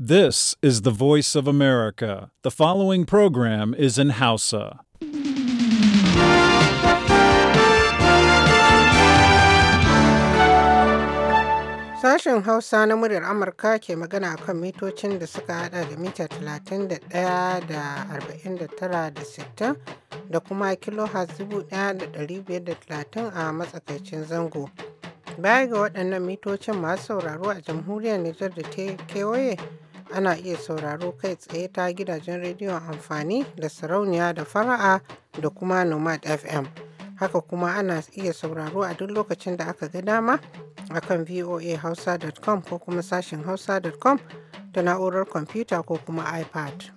This is the voice of America. The following program is in Hausa. Sashen Hausa na muryar Amurka ke magana kan mitocin da suka hada da mita 31 da 49 da 60 da kuma kilohertz 1530 a matsakaicin zango. Baya ga waɗannan mitocin masu sauraro a jamhuriyar Nijar da ta kewaye ana iya sauraro kai tsaye ta gidajen rediyon amfani da sarauniya da fara'a da kuma nomad fm haka kuma ana iya sauraro a duk lokacin da aka ga dama akan voahausa.com ko kuma sashen hausa.com da na'urar kwamfuta ko kuma ipad.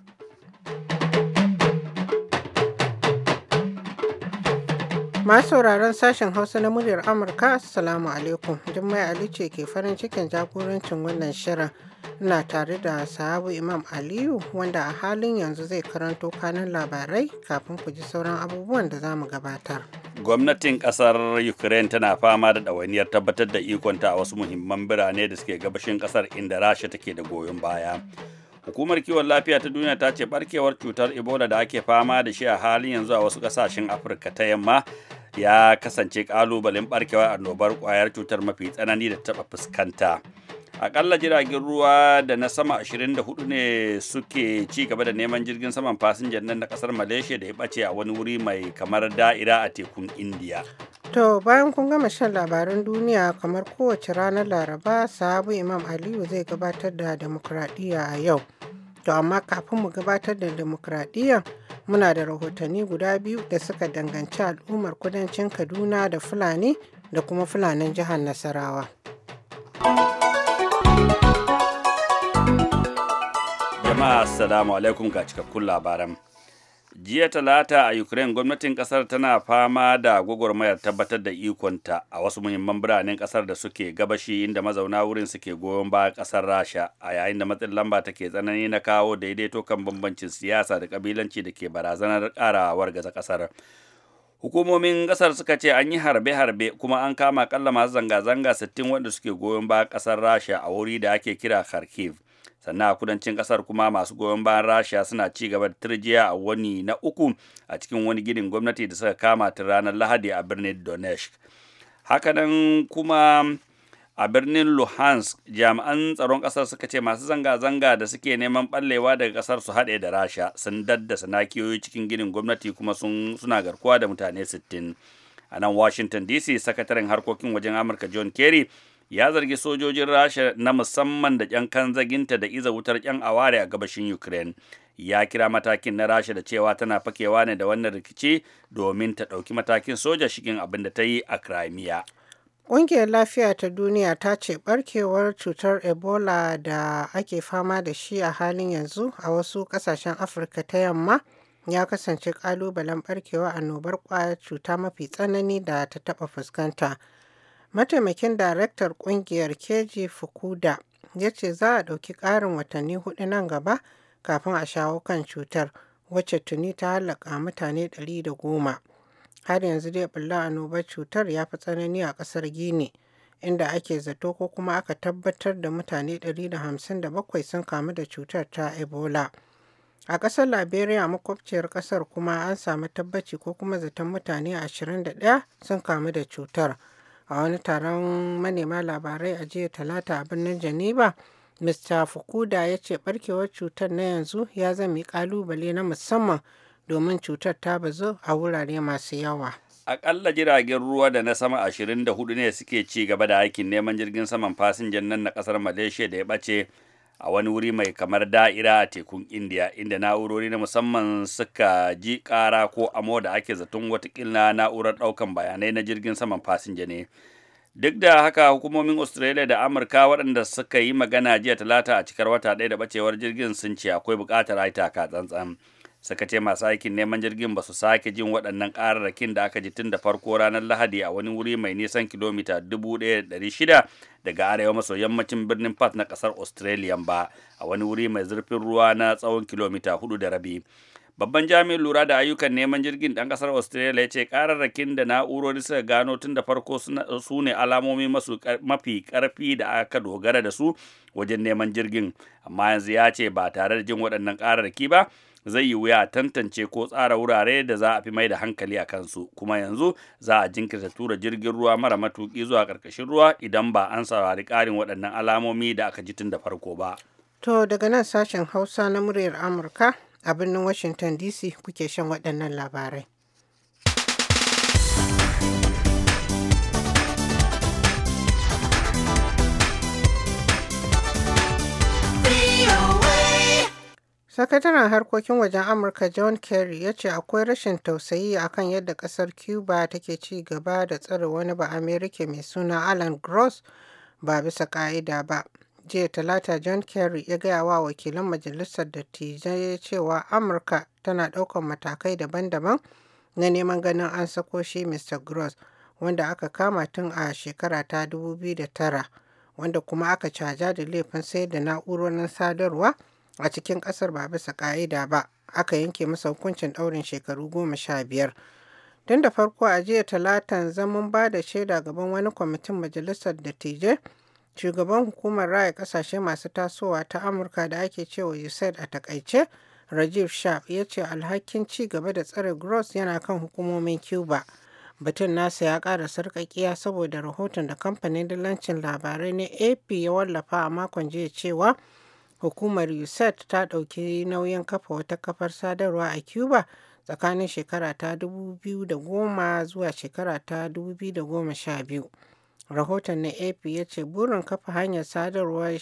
Masu sauraron sashen Hausa na muryar Amurka, Assalamu alaikum. Jummai Ali ce ke farin cikin jagorancin wannan shirin. na tare da sahabu Imam Aliyu wanda a halin yanzu zai karanto kanan labarai kafin ku ji sauran abubuwan da za mu gabatar. Gwamnatin ƙasar Ukraine tana fama da ɗawainiyar tabbatar da ikonta a wasu muhimman birane da suke gabashin ƙasar inda Rasha take da goyon baya. hukumar kiwon lafiya ta duniya ta ce barkewar cutar ebola da ake fama da shi a halin yanzu a wasu kasashen afirka ta yamma ya kasance kalubalen a annobar kwayar cutar mafi tsanani da taɓa fuskanta akalla jiragen ruwa da na sama 24 ne suke ci gaba da neman jirgin saman fasinjan nan na kasar malaysia da ya bace a wani wuri mai kamar da'ira a tekun india to bayan kun gama shan labaran duniya kamar kowace ranar laraba sabu imam aliyu zai gabatar da demokradiyya a yau to amma kafin mu gabatar da demokradiyya muna da rahotanni guda biyu da suka danganci al'ummar kudancin kaduna da fulani da kuma fulanin jihar nasarawa jama'a assalamu alaikum ga cikakkun labaran jiya talata a ukraine gwamnatin kasar tana fama da gwagwarmayar tabbatar da ikonta a wasu muhimman biranen kasar da suke gabashi inda mazauna wurin suke goyon ba kasar rasha a yayin da matsin lamba take tsanani na kawo daidaito kan bambancin siyasa da kabilanci da ke barazanar karawar gaza kasar hukumomin kasar suka ce an yi harbe-harbe kuma an kama kalla masu zanga-zanga 60 wanda suke goyon ba kasar rasha a wuri da ake kira kharkiv sannan a kudancin kasar kuma masu goyon bayan rasha suna ci gaba da turjiya a wani na uku a cikin wani ginin gwamnati da suka kama ta ranar lahadi a birnin donetsk hakanan kuma a birnin luhansk jami'an tsaron kasar suka ce masu zanga-zanga da suke neman ɓallewa daga kasar su haɗe da rasha sun daddasa nakiyoyi cikin ginin gwamnati kuma suna garkuwa da mutane 60 a nan washington dc sakataren harkokin wajen amurka john kerry ya zargi sojojin rasha na musamman da yan kanzaginta da iza wutar yan aware a gabashin ukraine ya kira matakin na rasha da cewa tana fakewa ne da wannan rikici domin ta ɗauki matakin soja shigin abin da ta yi a crimea Ƙungiyar Lafiya ta Duniya ta ce ɓarkewar cutar Ebola da ake fama da shi a halin yanzu a wasu ƙasashen Afirka ta yamma ya kasance ƙalubalen ɓarkewa annobar ƙwayar cuta mafi tsanani da ta taɓa fuskanta. Mataimakin daraktar kungiyar keji Fukuda ya ce za a ɗauki ƙarin watanni hudu nan gaba kafin a shawo kan cutar wacce tuni ta halaka mutane 110. Har yanzu dai bulla annobar cutar ya fi tsanani a ƙasar Gini, inda ake zato ko kuma aka tabbatar da mutane 157 sun kamu da cutar ta Ebola. A ƙasar Liberia makwabciyar ƙasar kuma an samu tabbaci ko kuma zaton mutane 21 sun kamu da cutar. a wani taron manema labarai a jiya talata a birnin janeba mr fukuda ya ce barkewar cutar na yanzu ya zama kalubale na musamman domin cutar ta bazu a wurare masu yawa akalla jiragen ruwa da na sama 24 ne suke ci gaba da aikin neman jirgin saman fasinjan nan na kasar malaysia da ya bace a wani wuri mai kamar da'ira a tekun indiya inda na'urori na musamman suka ji kara ko amo da ake zaton watakila na'urar daukan bayanai na jirgin saman fasinja ne duk da haka hukumomin australia da amurka waɗanda suka yi magana jiya talata a cikar wata ɗaya da bacewar jirgin sun ce akwai buƙatar aita ka tsantsan suka ce masu aikin neman jirgin ba su sake jin waɗannan ƙararrakin da aka ji tun da farko ranar lahadi a wani wuri mai nisan kilomita 1,600 daga arewa maso yammacin birnin Perth na ƙasar australia ba a wani wuri mai zurfin ruwa na tsawon kilomita 4 da rabi babban jami'in lura da ayyukan neman jirgin ɗan ƙasar australia ya ce ƙararrakin da na'urori suka gano tun da farko su ne alamomi mafi ƙarfi da aka dogara da su wajen neman jirgin amma yanzu ya ce ba tare da jin waɗannan ƙararraki ba zai yi wuya tantance ko tsara wurare da za a fi mai da hankali a kansu kuma yanzu za a jinkirta tura jirgin ruwa mara matuki zuwa ƙarƙashin ruwa idan ba an saurari ƙarin waɗannan alamomi da aka ji tun da farko ba. To daga nan sashen Hausa na muryar Amurka a birnin Washington DC kuke shan waɗannan labarai. Sakataren Harkokin Wajen Amurka John Kerry ya ce akwai rashin tausayi a kan yadda ƙasar Cuba take ci gaba da tsare wani ba Amerika mai suna Alan Gross ba bisa ƙa'ida ba. Jiya Talata John Kerry ya gaya wa wakilan Majalisar Dattijai cewa Amurka tana ɗaukar matakai daban-daban na neman ganin an sako shi Mr. Gross wanda aka kama tun a shekara ta 2009 wanda kuma aka caja da laifin sayar da na'urorin sadarwa a cikin ƙasar ba bisa ƙa'ida ba aka yanke masa hukuncin ɗaurin shekaru goma sha biyar. Tun da farko a jiya talatan zaman ba da shaida gaban wani kwamitin majalisar dattijai shugaban hukumar raya kasashe masu tasowa ta amurka da ake cewa usaid a takaice rajiv sharp ya ce alhakin ci gaba da tsare gross yana kan hukumomin cuba batun nasa ya ƙara sarƙaƙiya saboda rahoton da kamfanin dillancin labarai na ap ya wallafa a makon jiya cewa hukumar USAID ta ɗauki nauyin kafa wata kafar sadarwa a Cuba tsakanin shekara ta 2010 zuwa shekara ta 2012. Rahoton na AP ya ce burin kafa hanyar sadarwar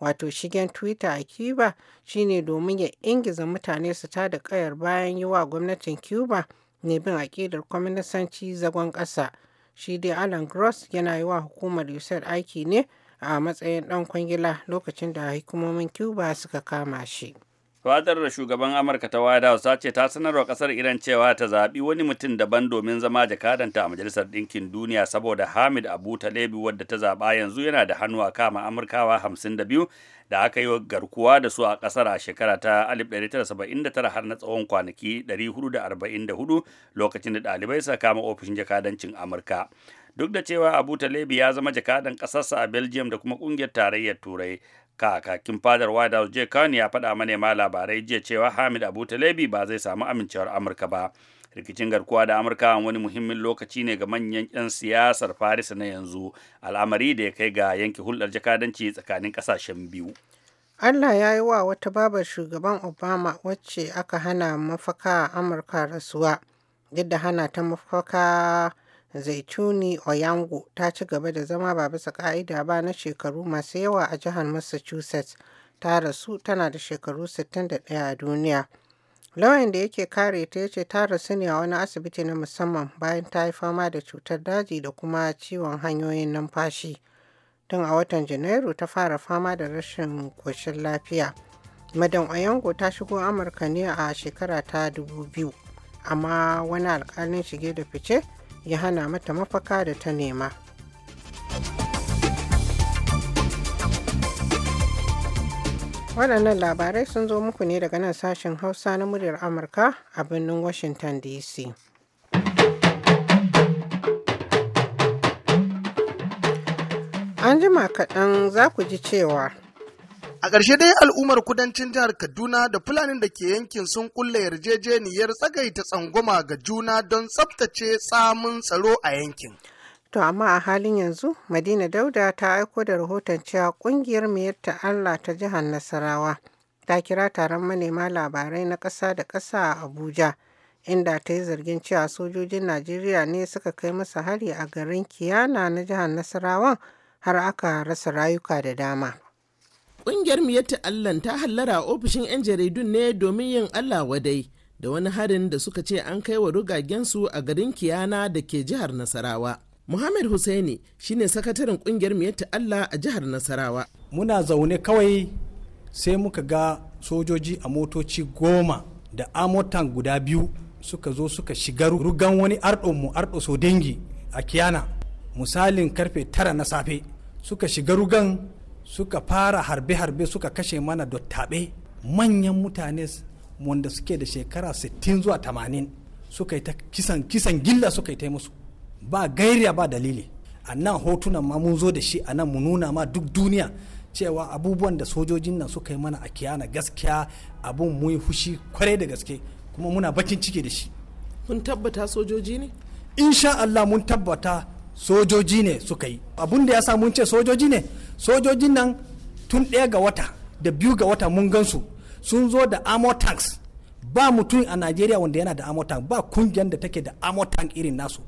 wato shigen Twitter a Cuba shine domin ya ingiza mutane su ta da kayar bayan yi wa gwamnatin Cuba ne bin aƙidar kwaminisanci zagon ƙasa. Shi dai Alan Gross yana yi wa hukumar USAID aiki ne a matsayin ɗan kwangila lokacin da hukumomin cuba suka kama shi fadar shugaban amurka ta white house ta ce ta sanarwa kasar iran cewa ta zaɓi wani mutum daban domin zama jakadanta a majalisar ɗinkin duniya saboda hamid abu talebi wadda ta zaɓa yanzu yana da hannu a kama amurkawa 52 da aka yi garkuwa da su a ƙasar a shekara ta 1979 har na tsawon kwanaki 444 lokacin da ɗalibai suka kama ofishin jakadancin amurka duk da cewa abu talebi ya zama jakadan ƙasarsa a belgium da kuma ƙungiyar tarayyar turai kakakin fadar white house jay ya faɗa manema labarai jiya cewa hamid abu talebi ba zai samu amincewar amurka ba rikicin garkuwa da amurka wani muhimmin lokaci ne ga manyan 'yan siyasar farisa na yanzu al'amari da ya kai ga yanke hulɗar jakadanci tsakanin ƙasashen biyu allah ya yi wa wata babar shugaban obama wacce aka hana mafaka amurka rasuwa yadda hana ta mafaka zaituni oyango ta ci gaba da zama ba bisa ka'ida ba na shekaru masu yawa a jihar massachusetts ta rasu tana da shekaru 61 a duniya lauyan da yake kare ta yace ta rasu ne a wani asibiti na musamman bayan ta yi fama da cutar daji da kuma ciwon hanyoyin numfashi tun a watan janairu ta fara fama da rashin koshin lafiya madan oyango ta shigo amurka ne a shekara ta 2000 amma wani alƙalin shige da fice ya hana mata mafaka da ta nema waɗannan labarai sun zo muku ne daga nan sashen hausa na muryar amurka a birnin washington dc an jima kaɗan za ku ji cewa A ƙarshe dai al'ummar kudancin jihar Kaduna da Fulanin da ke yankin sun kulle yarjejeniyar tsagaita tsangwama ga juna don tsabtace samun tsaro a yankin. To amma a halin yanzu Madina Dauda ta aiko da rahoton cewa kungiyar ta Allah ta jihar Nasarawa ta kira taron manema labarai na ƙasa da ƙasa a Abuja inda ta yi zargin cewa sojojin Najeriya ne suka kai masa hari a garin Kiyana na jihar Nasarawa har aka rasa rayuka da dama. Ƙungiyar Miyatta allah ta hallara ofishin 'yan jaridun ne domin yin Allah wadai da wani harin da suka ce an kai wa rugagensu a garin Kiyana da ke jihar Nasarawa. Muhammad Hussaini shine sakataren ƙungiyar Miyatta Allah a jihar Nasarawa. Muna zaune kawai sai muka ga sojoji a motoci goma da amotan guda biyu suka zo suka shiga rugan wani arɗo mu arɗo so dengi a Kiyana misalin karfe tara na safe suka shiga rugan suka fara harbe-harbe suka kashe mana dottaɓe manyan mutane wanda suke da shekara 60 zuwa 80 suka yi ta kisan kisan gilla suka yi ta musu ba gairiya ba dalili a nan hotunan ma mun zo da shi a nan mu nuna ma duk duniya cewa abubuwan da sojojin nan suka yi mana a kiyana gaskiya abun mu fushi kwarai da gaske kuma muna bakin ciki da shi mun tabbata sojoji ne insha Allah mun tabbata sojoji ne suka yi abun da ya sa mun ce sojoji ne sojojin nan tun ɗaya ga wata da biyu ga wata mun gansu sun zo da armor tanks ba mutum a najeriya wanda yana da armor tank ba kungiyar da take da armor tank irin nasu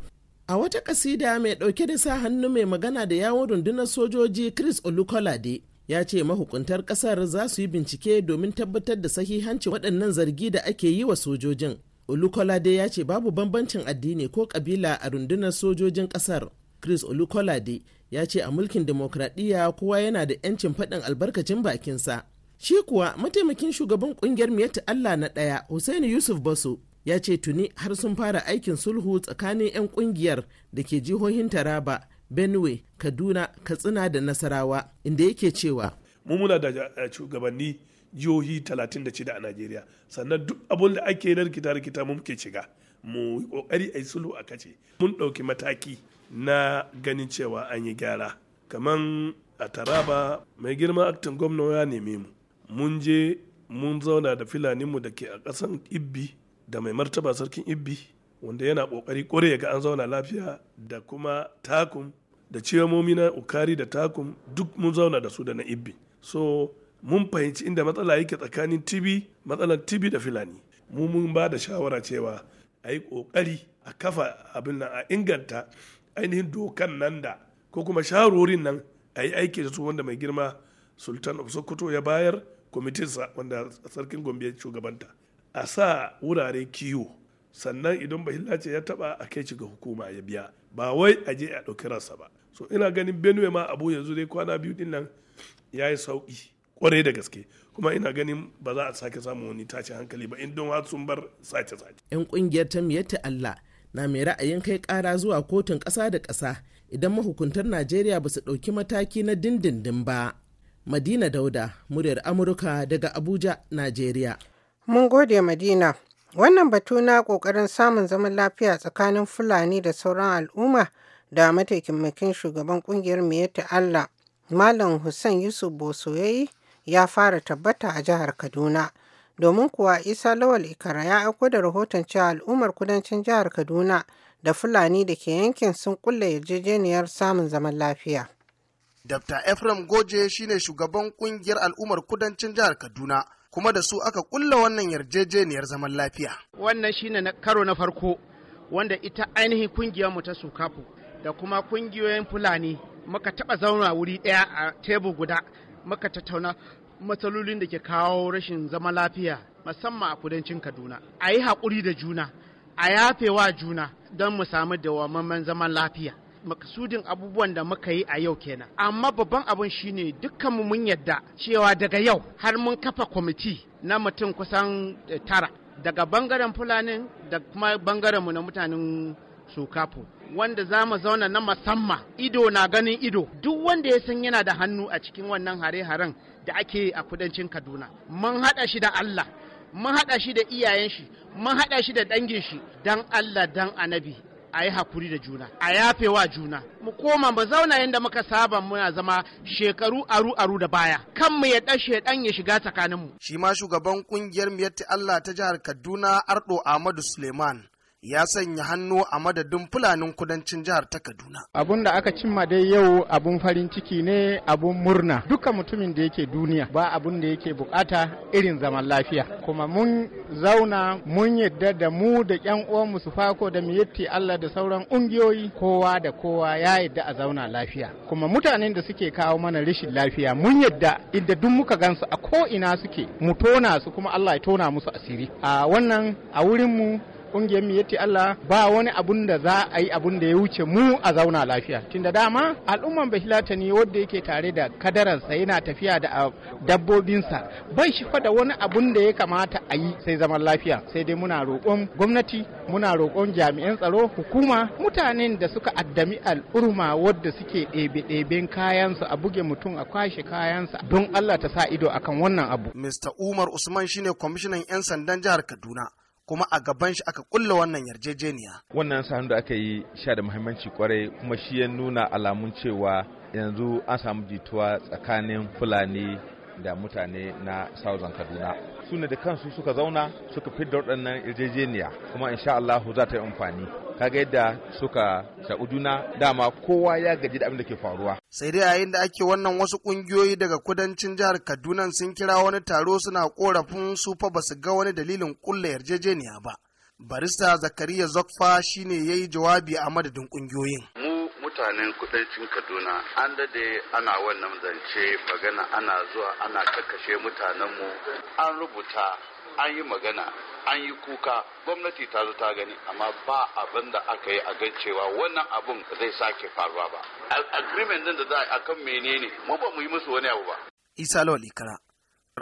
a wata kasida mai ɗauke da sa hannu mai magana da yawon rundunar sojoji chris olukolade ya ce mahukuntar kasar za su yi bincike domin tabbatar da sahihancin waɗannan zargi da ake yi wa sojojin olukolade ya ce babu bambancin addini ko kabila a rundunar sojojin kasar chris olukolade ya ce a mulkin demokradiyya kowa yana da 'yancin faɗin albarkacin bakinsa shi kuwa mataimakin shugaban kungiyar miyata allah na ɗaya hussaini yusuf basu ya ce tuni har sun fara aikin sulhu tsakanin 'yan kungiyar da ke jihohin taraba benue kaduna katsina da nasarawa inda yake cewa mu muna da eh, shugabanni jihohi 36 a najeriya sannan duk abun da ake rikita rikita mu muke shiga mu kokari a yi sulhu a kace mun ɗauki mataki na ganin cewa an yi gyara kaman a taraba mai girma aktin gwamna ya neme mu mun je mun zauna da filaninmu da ke a ƙasan ibbi da mai martaba sarkin ibbi wanda yana ƙoƙari ƙware ga an zauna lafiya da kuma takum da ciyamomi na ukari da takum duk mun zauna da su da na ibbi so mun fahimci inda matsala yake tsakanin tibi matsalar tibi da filani mu mun ba da shawara cewa a yi ƙoƙari a kafa abin nan a inganta ainihin dokan nan da ko kuma shawarorin nan a yi aiki da su wanda mai girma sultan of sokoto ya bayar kwamitinsa wanda sarkin gombe ya shugabanta a sa wurare kiwo sannan idan bahilla ce ya taba a kai ga hukuma ya biya ba wai a je a ɗauki rasa ba so ina ganin benue ma abu yanzu dai kwana biyu din nan ya yi sauki kwarai da gaske kuma ina ganin ba za a sake samun wani tashin hankali ba in don sun bar sace-sace. 'yan kungiyar ta Allah na mai ra'ayin kai kara zuwa kotun ƙasa da ƙasa idan mahukuntar najeriya ba su ɗauki mataki na dindindin ba madina dauda muryar amurka daga abuja najeriya mun gode madina wannan batu na ƙoƙarin samun zaman lafiya tsakanin fulani da sauran al'umma da mataimakin shugaban ƙungiyar miyatta allah malam hussein yusuf bosoyayi ya fara tabbata a jihar kaduna Domin kuwa Isa Lawal Ikara ya aiko da rahoton cewa al'ummar kudancin jihar Kaduna da Fulani da ke yankin sun kulle yarjejeniyar samun zaman lafiya. Dr. Ephraim Goje shine shugaban kungiyar al'ummar kudancin jihar Kaduna. kuma da su aka kulle wannan yarjejeniyar zaman lafiya. Wannan shine na karo na farko wanda ita ainihin kungiyar mu ta sukafu da kuma kungiyoyin Fulani muka taba zauna wuri ɗaya a tebur guda muka tattauna matsalolin da ke kawo rashin zama lafiya musamman a kudancin kaduna a yi haƙuri da juna a yafewa juna don mu samu dawamamman zaman lafiya makasudin abubuwan da muka yi a yau kenan amma babban abin shine dukkanmu mun yadda cewa daga yau har mun kafa kwamiti na mutum kusan eh, tara daga bangaren fulani da kuma bangaren mu na mutanen sokapo wanda za mu zauna na musamman ido na ganin ido duk wanda ya san yana da hannu a cikin wannan hare-haren da ake a kudancin kaduna mun haɗa shi da allah mun haɗa shi da iyayen shi mun haɗa shi da dangin shi dan allah dan anabi a yi hakuri da juna a yafe wa juna mu koma mu zauna yadda muka saba muna zama shekaru aru aru da baya kan mu ya dashe dan ya shiga tsakaninmu shi ma shugaban kungiyar miyatti Allah ta jihar Kaduna Ardo Ahmadu Suleiman ya sanya hannu a madadin fulanin kudancin jihar ta kaduna abun da aka cimma dai yau abun farin ciki ne abun murna duka mutumin da yake duniya ba abun da yake bukata irin zaman lafiya kuma mun zauna mun yadda da mu da yan uwanmu su fako da miyatti allah da sauran ungiyoyi kowa da kowa ya yadda a zauna lafiya kuma mutanen da suke kawo mana rashin lafiya mun yadda inda duk muka gansu a ko ina suke mu tona su kuma allah ya tona musu asiri a wannan a wurin mu. kungiyar yace Allah ba wani abun da za a yi abun da ya wuce mu a zauna lafiya tunda dama al'umman bahilata ne wanda yake tare da kadararsa yana tafiya da ah, dabbobinsa bai shi da wani abun da ya kamata a yi sai zaman lafiya sai dai muna roƙon gwamnati muna roƙon jami'an tsaro hukuma mutanen da suka addami al'umma wadda suke ɗebe-ɗeben kayansu a buge mutum a kwashe kayansa don Allah ta sa ido akan wannan abu. Mr. Umar Usman shine kwamishinan 'yan sandan jihar Kaduna. kuma a gaban shi aka kulle wannan yarjejeniya wannan sa da aka yi sha da muhimmanci kwarai kuma shi ya nuna alamun cewa yanzu an samu jituwa tsakanin fulani da mutane na Southern Kaduna. Su ne da kansu suka zauna suka fidda waɗannan yarjejeniya kuma insha Allah za ta yi amfani. Kaga yadda suka shaƙu juna dama kowa ya gaji da abin da ke faruwa. Sai dai yayin da ake wannan wasu ƙungiyoyi daga kudancin jihar Kaduna sun kira wani taro suna korafin su fa basu ga wani dalilin ƙulla yarjejeniya ba. Barista Zakariya Zokfa shine yayi jawabi a madadin ƙungiyoyin. mutanen kudancin kaduna an dade ana wannan zance magana ana zuwa ana kakashe mutanenmu an rubuta an yi magana an yi kuka gwamnati ta zo ta gani amma ba abin da aka yi a gan cewa wannan abin zai sake faruwa ba agreement din da za a kan menene mu ba mu yi musu wani abu ba isa lawal ikara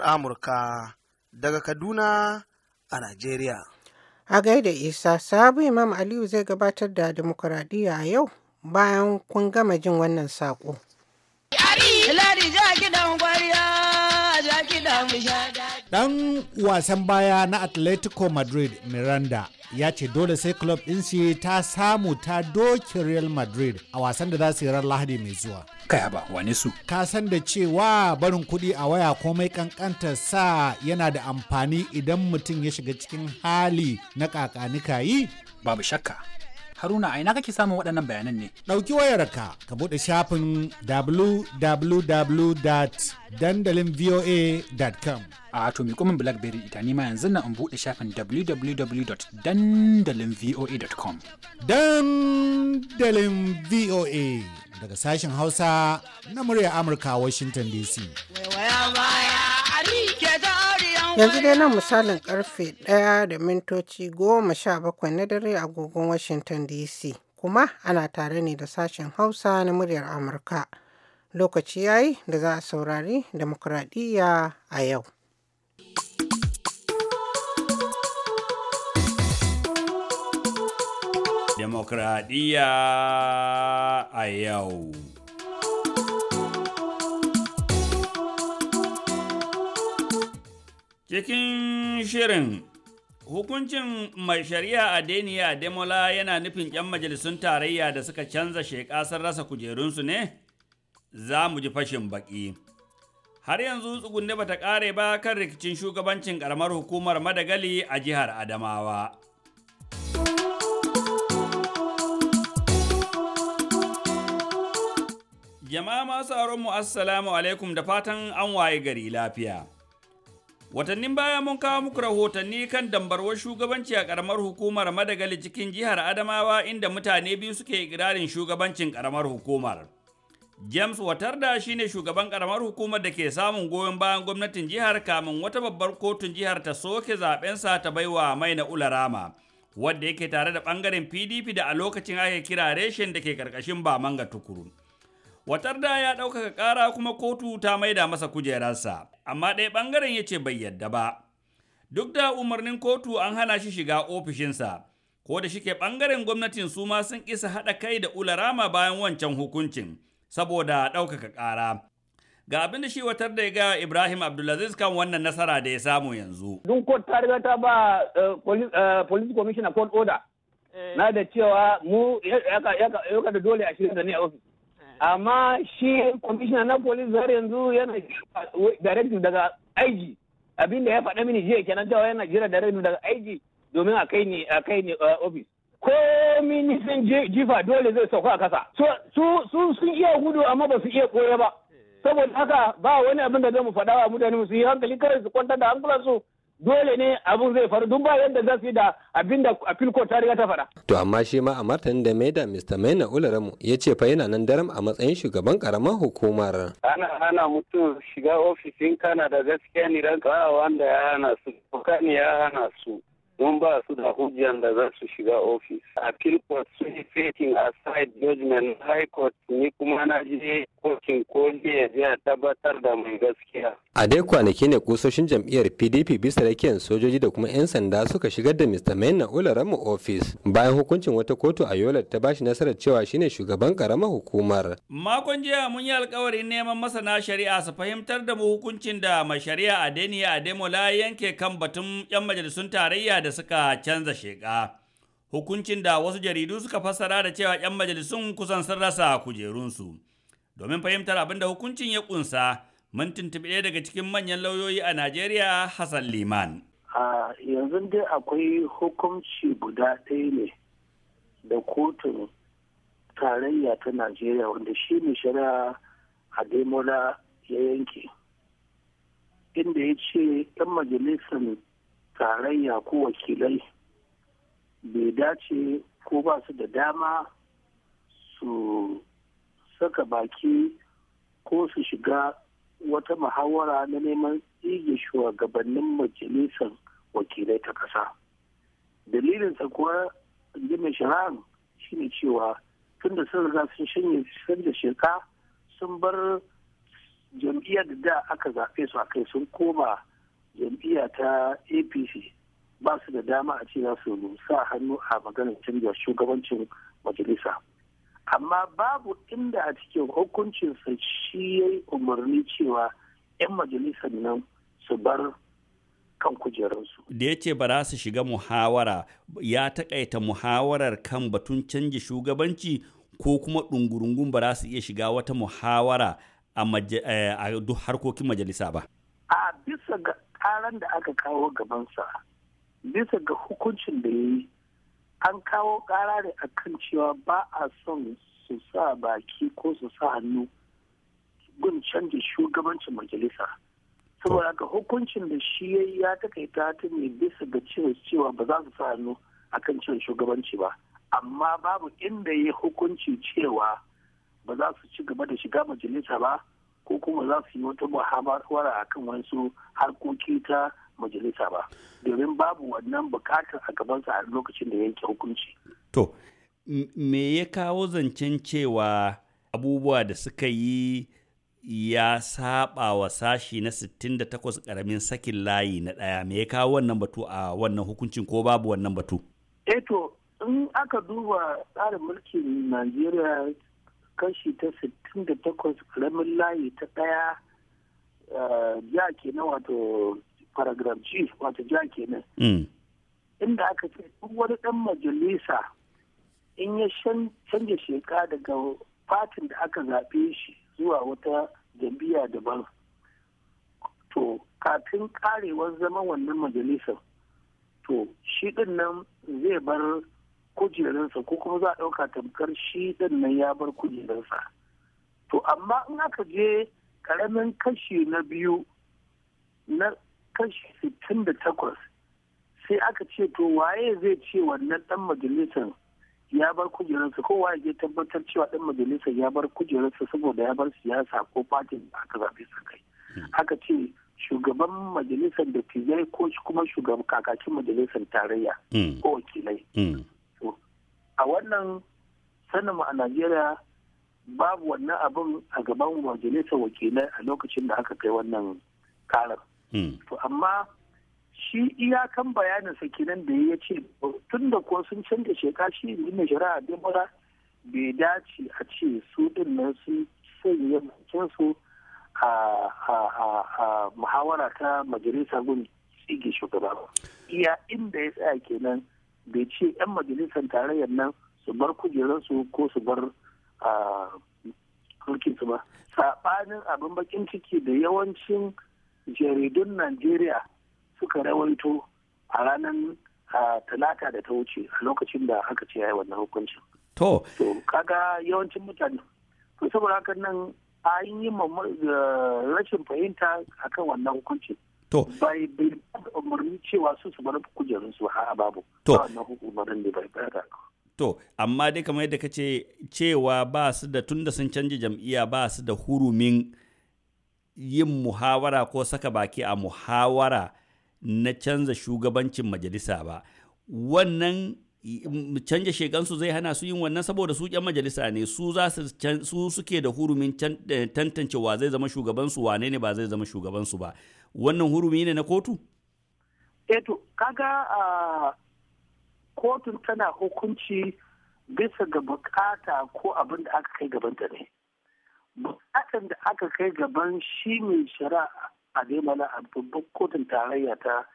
amurka daga kaduna a najeriya a gaida isa sabu imam aliyu zai gabatar da demokuraɗiyya yau bayan kun gama jin wannan saƙo. Dan wasan baya na Atletico Madrid Miranda ya ce dole sai club ɗinsu ta samu ta doki Real Madrid a wasan da za su yi ran Lahadi mai zuwa. Kaya ba wani su. Ka san da cewa barin kuɗi a waya komai kankanta sa yana da amfani idan mutum ya shiga cikin hali na kakanika yi? Babu shakka. Haruna a ina kake samun waɗannan bayanan ne? Ɗauki wayarka ka buɗe shafin www.dandalinvoa.com. A to mi kumin Blackberry ita ma yanzu na in buɗe shafin www.dandalinvoa.com. Dandalin VOA. daga sashen hausa na murya amurka washington dc yanzu dai nan misalin karfe 1 da mintoci goma sha bakwai na dare a agogon washington dc kuma ana tare ne da sashen hausa na muryar amurka lokaci yayi da za a saurari demokradiyya a yau Demokradiyya a yau. Cikin shirin Hukuncin mai shari'a a Deniya Demola yana nufin 'yan majalisun tarayya da suka canza sheƙasar rasa kujerunsu ne? Za mu ji fashin baƙi. Har yanzu tsugunne bata ƙare ba kan rikicin shugabancin ƙaramar hukumar Madagali a jihar Adamawa. Jama'a masu mu assalamu alaikum da fatan an waye gari lafiya. Watannin baya mun kawo muku rahotanni kan dambarwar shugabanci a ƙaramar hukumar Madagali cikin jihar Adamawa inda mutane biyu suke ikirarin shugabancin ƙaramar hukumar. James Watarda shine shugaban ƙaramar hukumar da ke samun goyon bayan gwamnatin jihar kamin wata babbar kotun jihar ta soke zaɓensa ta baiwa mai na Ularama, wadda yake tare da ɓangaren PDP da a lokacin ake kira reshen da ke ƙarƙashin Bamanga tukuru. watar da ya ɗaukaka ƙara kuma kotu ta maida masa kujerarsa, amma ɗaya ɓangaren ya ce bai yadda ba. Duk da umarnin kotu an hana shi shiga ofishinsa, ko da shike ɓangaren gwamnatin su ma sun isa haɗa kai da ularama bayan wancan hukuncin, saboda ɗaukaka ƙara. ga abin da shi watar da ya ga Ibrahim Abdulaziz kan wannan nasara da ya samu yanzu. Dun kot ta riga ta ba eh, eh, police commissioner court order eh. na da cewa mu ya da dole a shirin da ni a ofis. amma shi kwamishina na polis har yanzu yana directive daga aiki abin ya faɗa mini jiya kenan cewa yana jira directive daga aiki domin a kai ni a kai ni uh, office ko ministan jifa dole zai sauka a kasa su sun iya gudu amma ba su iya koya ba saboda haka ba wani abin da zai mu faɗa wa mutane su yi hankali kare su kwantar da hankulansu dole ne abun zai faru duk ba yadda za su yi da abin da filko ta riga ta faɗa. To amma shi ma a martanin da maida Mr. Maina Ularamu ya ce fa yana nan daram a matsayin shugaban karamar hukumar. Ana hana mutum shiga ofishin kana da gaskiya ni ranka wanda ya hana su. ya hana su. don ba su da hujjan da za su shiga ofis. A court sun yi setting aside judgment high court ni kuma na je kotun koli ya je tabbatar da mai gaskiya. A dai kwanaki ne kusoshin jam'iyyar PDP bisa rakiyar sojoji da kuma 'yan sanda suka shigar da Mr. Maina mu ofis bayan hukuncin wata kotu a Yola ta bashi nasarar cewa shine shugaban karamar hukumar. Makon jiya mun yi alkawarin neman masana shari'a su fahimtar da mu hukuncin da mai shari'a a Ademola yanke kan batun 'yan majalisun tarayya da da suka canza sheƙa. Hukuncin da wasu jaridu suka fassara da cewa 'yan majalisun kusan sun rasa kujerunsu. Domin fahimtar abin da hukuncin ya ƙunsa, mun tuntuɓi ɗaya daga cikin manyan lauyoyi a Najeriya, Hassan Liman. A yanzu dai akwai hukunci guda ɗaya ne da kotun tarayya ta Najeriya wanda shi ne shari'a Ademola ya yanke. Inda ya ce 'yan majalisar tarayya ko wakilai bai dace ko ba su da dama su saka baki ko su shiga wata muhawara na neman tsige shugabannin majalisar wakilai ta ƙasa. dalilinsa kuwa ji mai shahararun shine cewa tun da sun riga sun shanye sun da sheka sun bar jam'iyyar da aka zaɓe su a kai sun koma jam'iyya ta apc ba su da dama a ce su sa hannu a maganar canjar shugabancin majalisa amma babu inda a cikin hukuncinsa shi ya yi umarni cewa 'yan majalisar nan su bar kan kujerarsu. Da ya ce ba za su shiga muhawara ya takaita muhawarar kan batun canji shugabanci ko kuma ɗungurungun ba za su iya shiga wata muhawara a eh, duk harkokin majalisa ba. A bisa ga karan da aka kawo gabansa bisa ga hukuncin da ya yi an kawo kara ne akan cewa ba a son su sa baki ko su sa hannu gun canji shugabancin majalisa saboda ga hukuncin da shi ya yi ya takaita ta ne bisa ga cewa ba za su sa hannu akan cin shugabanci ba amma babu inda ya yi hukunci cewa ba za su ci gaba da shiga majalisa ba ko kuma za su yi wata muhawara a kan wasu harkoki ta majalisa ba domin babu wannan bukatar a gabansa a lokacin da yanke hukunci. To, me ya kawo zancen cewa abubuwa da suka yi ya saba wa sashi na 68 karamin sakin layi na ɗaya me ya kawo wannan batu a wannan hukuncin ko babu wannan batu? Eto, eh in aka duba tsarin mulkin Najeriya kashi ta da takwas ƙaramin layi ta ɗaya eh, ja kenan wato paragraph g wato ja kenan mm. inda aka ce duk wani ɗan majalisa in ya canja sheka daga fatin da aka zaɓe shi zuwa wata jam'iyya daban to kafin karewar zama wannan majalisa to shi ɗin nan zai bar kujerarsa ko kuma za a ɗauka tamkar shi ɗin nan ya bar kujerarsa to amma in aka je karamin kashi na biyu na kashi sittin da takwas sai aka ce to waye zai ce wannan dan majalisar ya bar kujerarsa ko waye zai tabbatar cewa dan majalisar ya bar kujerarsa saboda ya bar siyasa ko fatin da aka zaɓe sa kai hmm. aka ce shugaban majalisar da ke tijai ko kuma shugaban kakakin majalisar tarayya hmm. ko wakilai hmm. a wannan sanin a najeriya babu wannan abin a gaban majalisar wakilai a lokacin da aka kai wannan karar. Hmm. To amma shi iyakan bayanin kenan da ya ce tun da kuwa sun canza sheka shi ne shari'a mura. bai dace a ce su din nan sun sanya bakin su a muhawara ta majalisa gun tsige shugaba Iya inda ya tsaya kenan bai ce 'yan majalisar tarayyar nan su bar kujerarsu ko su bar a su ba saɓanin abin bakin ciki da yawancin jaridun najeriya suka rawaito a ranar talata da ta wuce a lokacin da aka ce yayi wannan hukuncin to kaga yawancin mutane to saboda haka nan an yi eh, rashin fahimta akan wannan hukuncin To. Bai bai umarni cewa su su bar su ha babu. To. Wannan hukumarin ne bai bayar To, amma dai kamar yadda ka ce cewa ba su da tun da sun canji jam'iyya ba su da hurumin yin muhawara ko saka baki a muhawara na canza shugabancin majalisa ba. Wannan canja shekansu zai hana su yin wannan saboda su ƴan majalisa ne su za su suke da hurumin eh, tantance wa zai zama shugabansu wane ne ba zai zama shugabansu ba wannan hurumi ne na kotu eto eh kaga ah, kotun tana hukunci bisa ga bukata ko abin da aka kai gabanta ta ne bukatan da aka kai gaban shi mai shari'a a daimala a babban kotun tarayya ta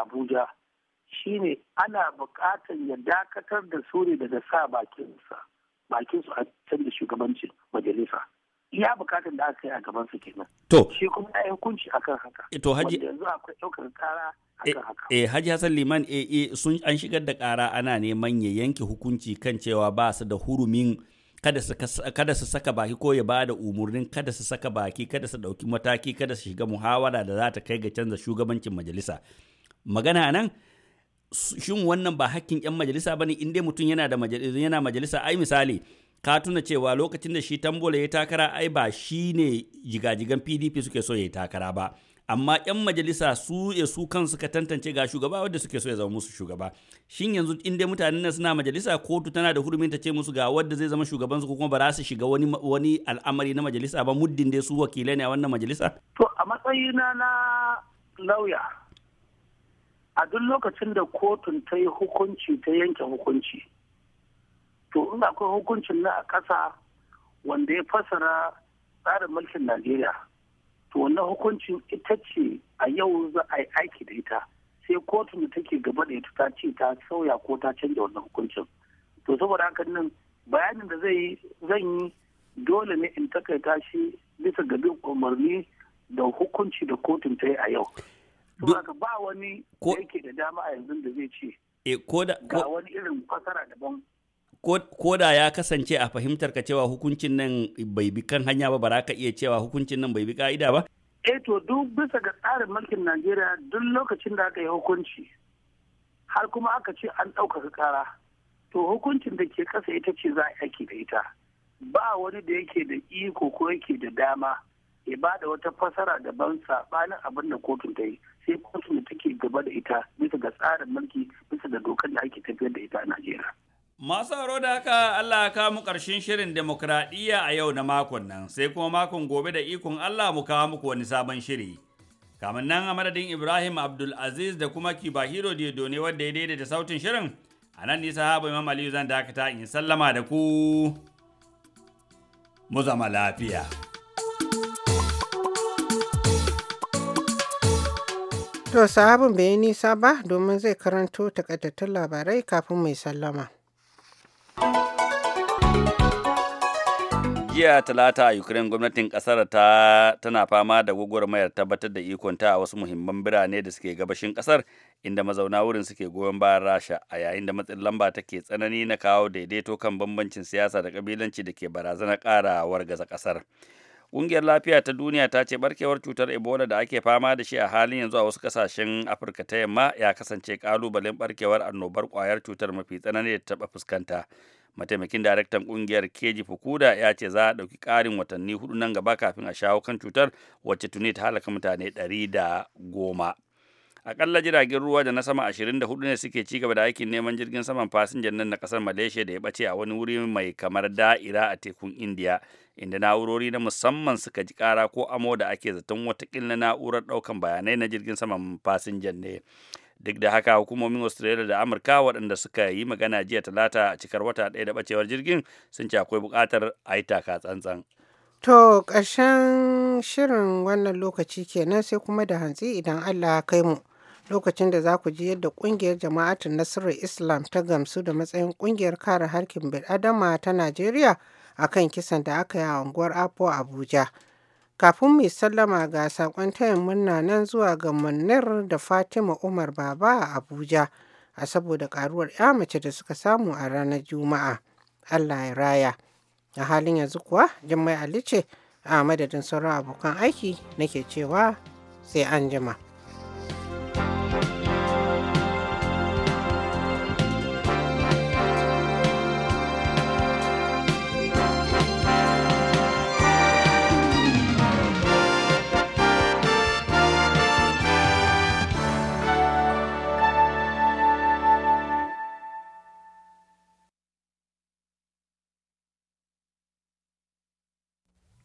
abuja shine ana bukatan ya dakatar da su ne daga sa bakinsu a can da shugabancin majalisa iya bukatun da aka yi a gaban su kenan to shi kuma ya hukunci a kan haka eh, to haji yanzu akwai ɗaukar kara eh, eh, Haji Hassan Liman eh, eh sun an shigar da kara ana neman ya yanke hukunci kan cewa ba su da hurumin kada su saka baki ko ya ba da umurnin kada su saka baki kada su ɗauki mataki kada su shiga muhawara da za ta kai ga canza shugabancin majalisa magana nan shin wannan ba hakkin 'yan majalisa ba ne in mutum yana da majalisa ai misali ka tuna cewa lokacin da shi tambola ya takara ai ba shi ne jigajigan pdp suke so ya yi takara ba amma 'yan majalisa su ya su kan suka tantance ga shugaba wadda suke so ya zama musu shugaba shin yanzu in dai mutanen na suna majalisa kotu tana da hurumin ta ce musu ga wadda zai zama shugaban su kuma ba za su shiga wani wani al'amari na majalisa ba muddin dai su wakilai ne a wannan majalisa to a matsayina na lauya a duk lokacin da kotun ta yi hukunci ta yanke hukunci to in akwai hukuncin na a ƙasa wanda ya fasara tsarin mulkin najeriya to wannan hukuncin ita ce a yau za a yi aiki da ita sai kotun da take gaba da ita ta ce ta sauya ko ta canja wannan hukuncin to saboda haka nan bayanin da zai zan yi dole ne in takaita shi bisa ga bin umarni da hukunci da kotun ta yi a yau saboda ba wani da yake da dama a yanzu da zai ce eh, ga wani irin fasara daban ko da ya kasance a fahimtar ka cewa hukuncin nan bai bi kan hanya ba ba ka iya cewa hukuncin nan bai bi ka'ida ba? Eh to duk bisa ga tsarin mulkin Najeriya duk lokacin da aka yi hukunci har kuma aka ce an ɗaukaka ƙara to hukuncin da ke ƙasa ita ce za a yi da ita ba wani da yake da iko ko yake da dama ya ba da wata fasara daban saɓanin abin da kotun ta yi sai kotun da take gaba da ita bisa ga tsarin mulki bisa ga dokar da ake tafiyar da ita a Najeriya. Masu aro da haka Allah ka mu ƙarshen shirin demokradiyya a yau na makon nan sai kuma makon gobe da ikon Allah mu kawo muku wani sabon shiri. Kamin nan a madadin Ibrahim Abdulaziz da kuma Kibahiro ne wadda ya daidaita sautin shirin a nan nisa habu Imam Aliyu zan dakata in sallama da ku mu zama lafiya. To sahabin bai yi nisa ba domin zai karanto takaitattun labarai kafin mai sallama. jiya talata a ukraine gwamnatin kasar ta tana fama da gwagwarmayar tabbatar da ikonta a wasu muhimman birane da suke gabashin kasar inda mazauna wurin suke goyon bayan rasha a yayin da matsin lamba take tsanani na kawo daidaito kan bambancin siyasa da kabilanci da ke barazanar karawar wargaza kasar Ƙungiyar Lafiya ta Duniya ta ce barkewar cutar Ebola da ake fama da shi a halin yanzu a wasu kasashen Afirka ta yamma ya kasance kalubalen barkewar annobar kwayar cutar mafi tsanani da taba fuskanta. mataimakin daraktan kungiyar keji fukuda ya ce za a ɗauki ƙarin watanni hudu nan gaba kafin a shawo kan cutar wacce tuni ta halaka mutane ɗari da goma akalla jiragen ruwa da na sama 24 ne suke ci gaba da aikin neman jirgin saman fasinjan nan na kasar malaysia da ya bace a wani wuri mai kamar da'ira a tekun india inda na'urori na musamman suka ji kara ko amo da ake zaton watakila na'urar daukan bayanai na jirgin saman fasinjan ne duk da haka hukumomin australia da amurka waɗanda suka yi magana jiya talata a cikar wata ɗaya da ɓacewar jirgin sun ce akwai buƙatar a yi taka tsantsan to ƙarshen shirin wannan lokaci kenan sai kuma da hantsi idan allah kai mu lokacin da za ku ji yadda ƙungiyar jama'atin nasarar islam ta gamsu da matsayin ƙungiyar kare harkin bil'adama ta najeriya akan kisan da aka yi a unguwar apo abuja Kafin mai sallama ga saƙon tayin murna nan zuwa ga Munnar da Fatima Umar Baba a Abuja a saboda ƙaruwar 'ya mace da suka samu a ranar Juma'a. Allah ya raya. A halin yanzu kuwa Jummai Ali ce a madadin sauran abokan aiki nake cewa sai an jima.